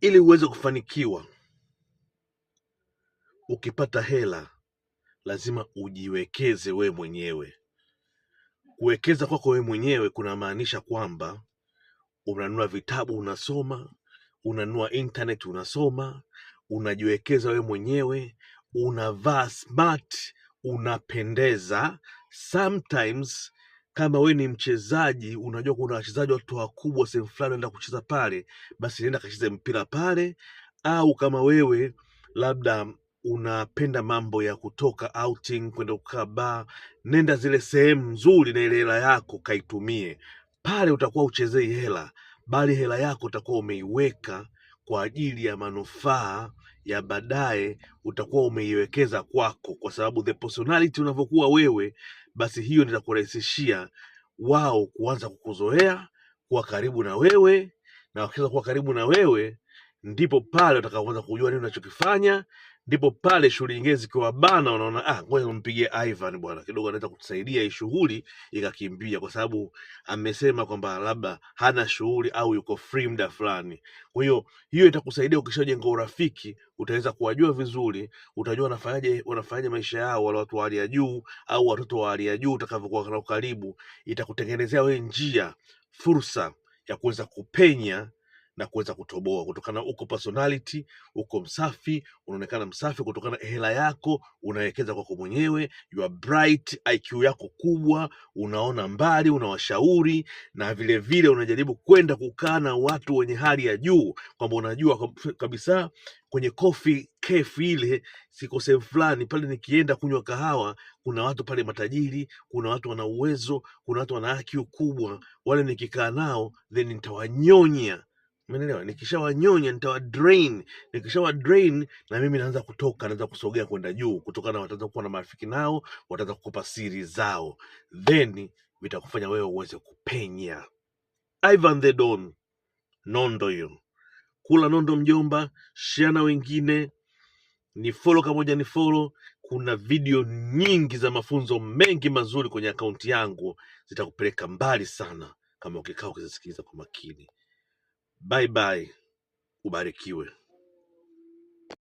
Ili uweze kufanikiwa, ukipata hela lazima ujiwekeze wewe mwenyewe. Kuwekeza kwako wewe mwenyewe kunamaanisha kwamba unanunua vitabu unasoma, unanunua internet unasoma, unajiwekeza wewe mwenyewe, unavaa smart, unapendeza sometimes kama we ni mchezaji unajua kuna wachezaji watu wakubwa sehemu fulani naenda kucheza pale, basi nenda kacheze mpira pale. Au kama wewe labda unapenda mambo ya kutoka outing kwenda kukaa baa, nenda zile sehemu nzuri na ile hela yako kaitumie pale. Utakuwa uchezei hela, bali hela yako utakuwa umeiweka kwa ajili ya manufaa ya baadaye utakuwa umeiwekeza kwako, kwa sababu the personality unavyokuwa wewe, basi hiyo nitakurahisishia wao kuanza kukuzoea kuwa karibu na wewe, na wakiweza kuwa karibu na wewe ndipo pale utakapoanza kujua nini unachokifanya, ndipo pale shughuli nyingine zikiwa bana, unaona ah, ngoja nimpigie Ivan bwana, kidogo anaweza kutusaidia hii shughuli ikakimbia, kwa sababu amesema kwamba labda hana shughuli au yuko free muda fulani. Kwa hiyo hiyo itakusaidia ukishajenga urafiki, utaweza kuwajua vizuri, utajua wanafanyaje, wanafanyaje maisha yao wale watu wa hali ya juu au watoto wa hali ya juu. Utakavyokuwa na ukaribu, itakutengenezea wewe njia, fursa ya kuweza kupenya na kuweza kutoboa kutokana, uko personality, uko msafi, unaonekana msafi kutokana, hela yako unawekeza kwako mwenyewe, you are bright, IQ yako kubwa, unaona mbali, unawashauri na vilevile vile unajaribu kwenda kukaa na watu wenye hali ya juu, kwamba unajua kabisa kwenye kofi kefu ile siko sehemu fulani pale, nikienda kunywa kahawa, kuna watu pale matajiri, kuna watu wana uwezo, kuna watu wana IQ kubwa, wale nikikaa nao then nitawanyonya Umeelewa? Nikishawanyonya nitawa drain, nikishawa drain na mimi naanza kutoka, naanza kusogea kwenda juu, kutokana wataanza kuwa na marafiki nao, wataanza kukupa siri zao, then vitakufanya wewe uweze kupenya. Ivan the Don, nondo hiyo. Kula nondo mjomba, share na wengine, ni follow kamoja, ni follow. Kuna video nyingi za mafunzo mengi mazuri kwenye akaunti yangu, zitakupeleka mbali sana kama ukikaa ukizisikiliza kwa makini. Bye bye, Ubarikiwa.